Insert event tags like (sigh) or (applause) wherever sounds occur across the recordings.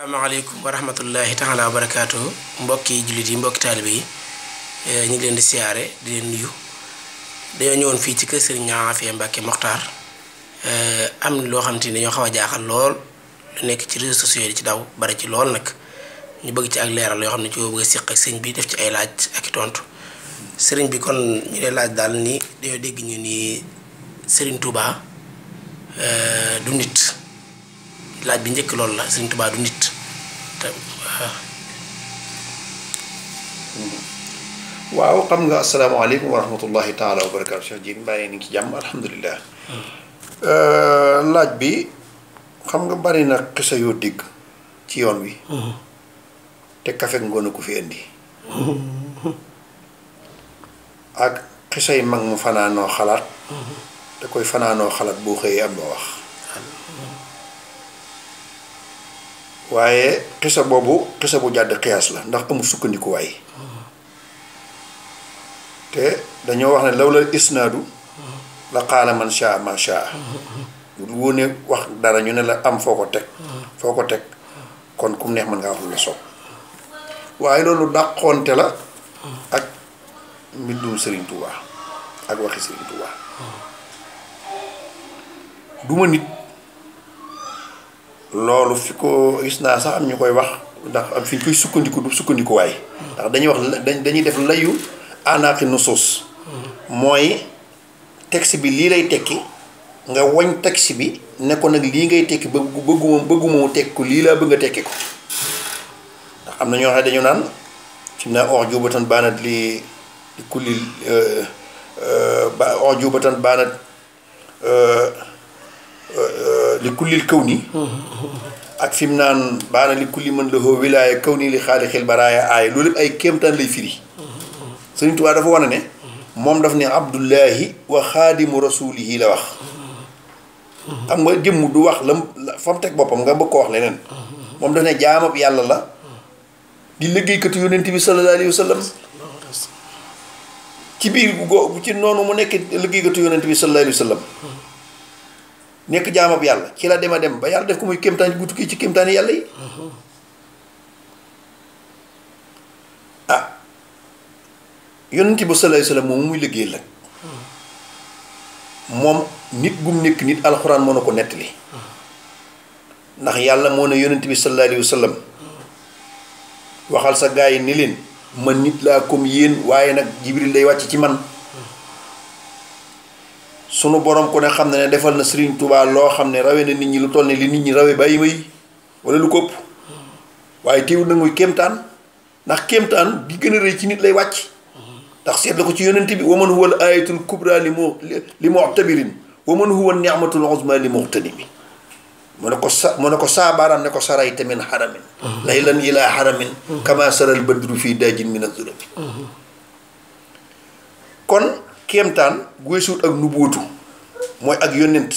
asalaamaaleykum wa rahmatullahi taala wa barakaatu mbokki jullit yi mbokki taalibe yi eh, ñu ngi leen di siyaare di leen nuyu dañoo ñëwoon fii ci kër Serigne Afia Mbacke Mokhtar eh, am loo xam te ni dañoo xaw a jaaxal lool lu nekk ci réseaux sociaux yi ci daw bari ci lool nag ñu bëgg ci ak leeral yoo xam ne ci bëgg a siq ak sëñ bi def ci ay laaj ak i tontu sëriñ bi kon ñu lay laaj daal ni dañoo dégg ñu ni sëriñ Touba eh, du nit. laaj bi njëkk loolu la sëriñ Tuubaa du nit te ah. waaw xam nga asalaamaaleykum wa rahmatullahi taala wa barakaatu Cheikh Dieng bàyyi ni ci jàmm alhamdulilah. Hmm. Euh, laaj bi xam nga bari na xisa yoo dégg ci yoon wi. Hmm. te kafek ngoon ko fi indi. Hmm. (laughs) ak xisay mag mu fanaanoo xalaat. da koy fanaanoo xalaat boo xëyee am ba wax waye kessa bobu kessa bu jadd qiyas la ndax amul sukkandikuwaay te dañu wax ne lawla isnadu la qala man sha ma sha lu wóone wax dara ñu ne la am foko tek foko tek kon kum neex man nga wax lu la waye lolu loolu la ak mbiddu Serigne Touba ak waxi Serigne Touba duma nit loolu fi ko gis naa sax am ñu koy wax ndax am fi ñu koy sukkandiku du sukkandiku ndax dañuy wax dañuy def layu nu nusuus mooy texte bi lii lay tekki nga wañ texte bi ne ko nag lii ngay tekki ba bëgguma bëgguma tekki ko lii laa bëgg a tekki ko ndax am na ñoo xam dañu naan fim naa ox jubatan baanat li kulli euh, euh, ba ox jubatan baanat euh, li kullil kaw nii ak fi mu naan baana li kulli mën la hoo wilaaya kaw nii li xaali xel baraaya aaya loolu lépp ay kéemtaan lay firi Sëriñ Tuubaa dafa wane ne moom daf ne abdullahi wa xaadimu rasulihi la wax xam nga jëmm du wax la fa mu teg boppam nga bëgg ko wax leneen moom daf ne jaamab yàlla la di liggéeykatu yónent bi sallallahu alayhi wa ci biir gu ci noonu mu nekk liggéeykatu yónent bi sallallahu alayhi nekk jaamab yàlla ci la dema dem ba yàlla def ko muy kéemtaan gu tukki ci kéemtaan yàlla yi ah, ah. yonent ba sallallahu alayhi moom muy liggéey la moom nit gum nekk nit alxuraan moo na ko nettali ndax yàlla moo ne yonent bi sallallahu alayhi waxal sa gaa yi ni leen man nit laa comme yéen waaye nag jibril day wàcc ci man sunu borom ko ne xam na ne defal na Serigne Touba loo xam ne rawe na nit ñi lu toll ne li nit ñi rawe bàyyi may wala lu këpp waaye teewul nag muy kéemtaan ndax kéemtaan bi gën a rëy ci nit lay wàcc ndax seetlu ko ci yonent bi waman huwa al ayatul kubra li mu li mu'tabirin waman huwa ni'matul uzma li muqtadimi mu ne ko sa mu ne ko saabaaraam ne ko sarayta min xaramin laylan ilaa xaramin kama saral badru fii daajin min azulami kon kéemtaan gu weesuut ak nubuutu mooy ak yonent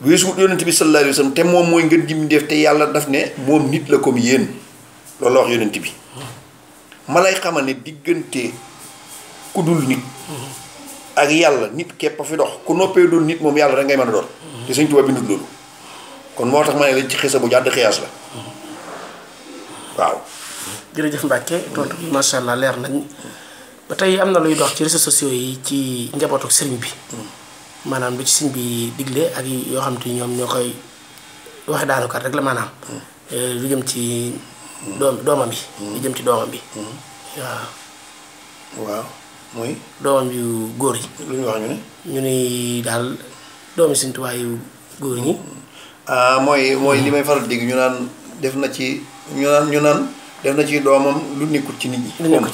weesuut yonent bi sallallahu alayhi wa te moom mooy ngeen jim def te yàlla daf ne moom nit la comme yéen loolu la wax yonent bi ma lay xamal diggante ku dul nit ak yàlla nit képp a fi dox ku noppee doon nit moom yàlla dangay ngay a doon te Sëñ Tuubaa bindut loolu kon moo tax ma ne la ci xisa bu jàdd xiyaas la waaw jërëjëf ba tey am na luy dox ci réseaux sociaux yi ci njabootu sëriñ bi maanaam lu ci siñ bi digle ak yoo xam te ñoom ñoo koy waxe daanukat rek la maanaam eh, lu jëm ci doom doomam bi lu jëm ci doomam bi waaw mooy doomam yu góor yi lu ñu wax ñu ne ñu ni daal doomi Sëriñ Tuubaa yu góor ñi ah, mooy mooy li may faral dégg ñu naan def na ci ñu naan ñu naan def na ci doomam lu nekkul ci nit ñi. lu nekkul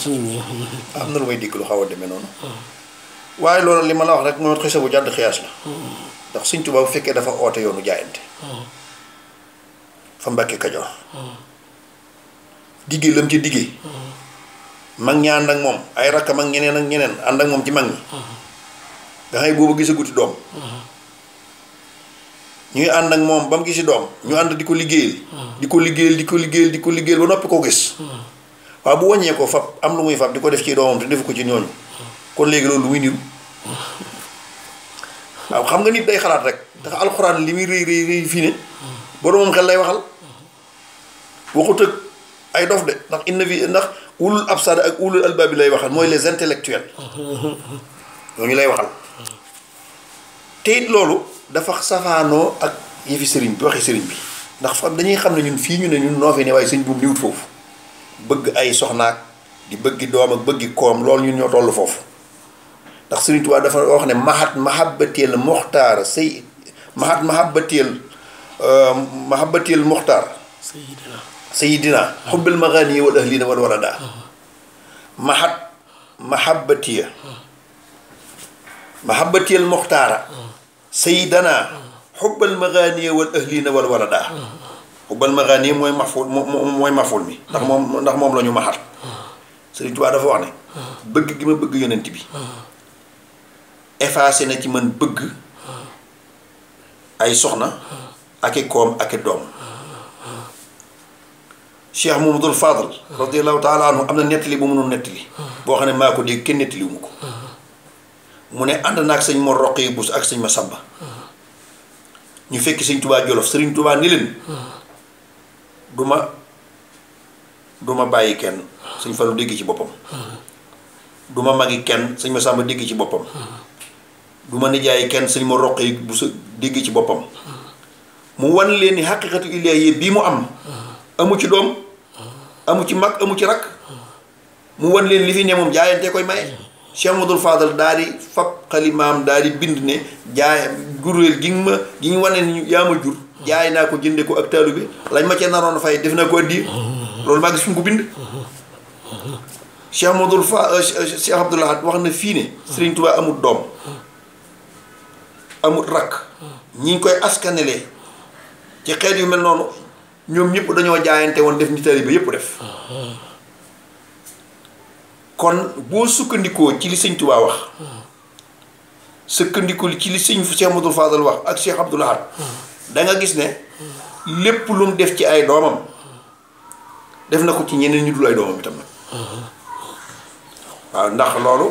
am na lu may dégg lu xaw a demee noonu. waaye loolu li ma la wax rek moom xisa bu jàdd xiyaas la. ndax Sëñ Tuubaa bu fekkee dafa oote yoonu jaayante. fa Mbàkke Kajoor. diggee lam ci diggee. mag ñi ànd ak moom ay rakkam ak ñeneen ak ñeneen ànd ak moom ci mag ñi. nga xam ne boobu gisaguti doom. ñuy ànd ak moom ba mu gisi doom ñu ànd di ko liggéeyal. di ko liggéeyal di ko liggéeyal di ko ba noppi koo gis. waaw bu wàññeekoo fab am lu muy fab di ko def ci doomam te defu ko ci ñooñu. kon léegi loolu lu muy niru. waaw xam nga nit day xalaat rek ndax alxuraan li muy rëy rëy rëy fii ne. boroomam xel lay waxal. waxut ak ay dof de ndax inna fi ndax ulul absar ak ulul albaab bi lay waxal mooy les intellectuels. (laughs) ñooñu lay waxal. te loolu dafa safaanoo ak yëfi sëriñ bi waxi sëriñ bi ndax fa dañuy xam ne ñun fii ñu ne ñun noo fi ne waaye sëñ buum diwut foofu bëgg ay soxnaak di bëggi doom ak bëggi koom loolu ñun ñoo toll foofu ndax sëriñ Tuubaa dafa wax ne mahat mahabbateel muxtaar say mahat mahabbateel euh, mahabbateel muxtaar sayidina lii magaani wal ahlina wal walada mahat mahabbatiya mahabbateel muxtaara saydana xubbal magaaniya wal ahlina wal waladaa xubbal magaaniya mooy maful mooy maful mi ndax moom ndax moom la ñu maxal Sëriñ Tuubaa dafa wax ne bëgg gi ma bëgg yonent bi effacé na ci man bëgg ay soxna ak i koom ak i doom Cheikh Mamadul Fadal radiallahu taala anhu am na nettali bu mënul nettali boo xam ne maa ko dégg kenn nettaliwu mu ko mu ne and nak seigne Mor Roqee ak seigne Masamba ñu fekk seigne Touba jollof seigne Touba ni duma duma ma du ma bàyyi kenn Duma ci bopam duma magi kenn seigne Masamba dégg ci bopam duma ma nijaay kenn seigne Mor Roqee Bousso ci bopam mu wan leen ni haqiqatu ilaahi bi mu am amu ci dom amu ci mag amu ci rak mu wan leen li fi ne mom jaayante koy maye Cheikh Modou Fadal daal di fab xalimaam daal di bind ne jaay guréel gi nga ma gi ñu wane ni yaa ma jur jaay naa ko jënde ko ak taalu bi lañ ma cee naroon fay def naa ko addi loolu maa gis suñ ko bind Cheikh Modou Fa euh, euh, Cheikh Abdoul wax na fii ne Serigne Touba amul doom amul rakk ñi ngi koy askanelee ci xeet yu mel noonu ñoom ñëpp dañoo jaayante woon def ni taalibe yëpp def kon bo sukkandikoo ci li seigne touba wax sukkandikoo ci li seigne Cheikh Amadou Fadal wax ak Cheikh Abdoul Ahad da nga gis ne lepp lu mu def ci ay domam def nako ci ñeneen ñu dul ay domam tam nag ndax lolu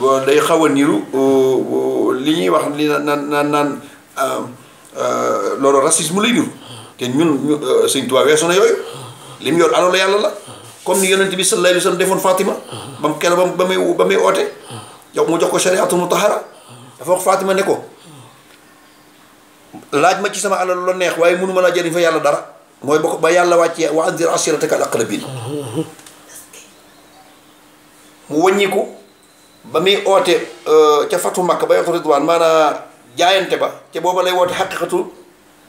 bo day xawa niru li ñi wax li nan naan naan lolu racisme lay niru te ñun seigne touba wessuna yoy lim yor la comme ni yonent bi sallallahu alayhi wa sallam defoon Fatima. ba mu keroog ba mu ba muy ba muy oote. yow mu jox ko shariatul mutahara dafa wax Fatima ne ko laaj ma ci sama alal lu neex waaye mënu ma laa jëriñ fa yàlla dara mooy ba ko ba yàlla wàccee wa anzir ashirataka al aqrabin mu wàññiku ba muy oote euh, ca fatu Makka ba yoxtu Ridwaan maanaam jaayante ba te booba lay woote xaqiqatul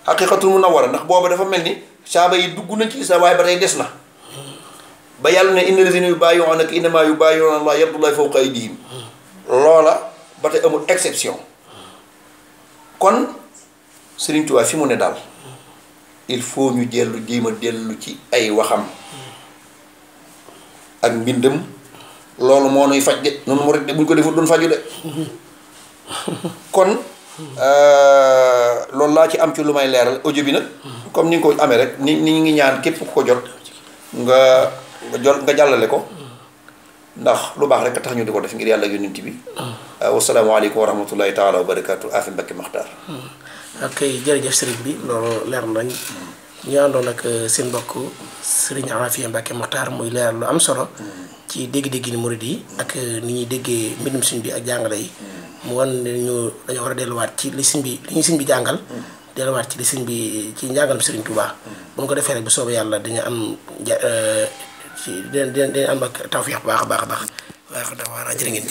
xaqiqatul munawwara ndax booba dafa mel ni saaba yi dugg nañ ci lislaam waaye ba tey des na. ba yàlla ne indi lazina yubayi'unaka innama yubayi'una allah yadullahi fawqa aydihim loola ba tey amul exception kon Serigne Touba fi mu ne daal il faut ñu dellu jéem a dellu ci ay waxam ak mbindam loolu moo nuy faj de noonu mu rek de buñ ko defut doon faju de kon euh, loolu laa ci am ci lu may leeral audio bi nag comme ni nga ko amee rek ni ni ngi ñaan képp ko jot nga nga jol nga jàllale ko ndax lu baax rek tax ñu di ko def ngir yàlla yonent bi ah. uh, wasalaamaaleykum wa rahmatullahi taala wa barakaatu afi mbakki maxtaar ah. ok jërëjëf sëriñ bi loolu leer nañ hmm. ñu àndoon ak uh, seen mbokk sëriñ Afia Mbacke Mokhtar muy lu am solo hmm. ci dégg-dégg ni murid yi ak uh, ni ñuy déggee mbindum sëñ bi ak jàngale yi hmm. mu wan ne ñu dañoo war a delluwaat ci li sëñ bi li ñu sëñ bi jàngal delluwaat ci li sëñ bi ci njàngalam sëriñ Touba bu ñu ko defee rek bu soobee yàlla dañu am si dinañ dinañ am ak tawfeex bu baax a baax a baax waaw xam naa jërë ngeen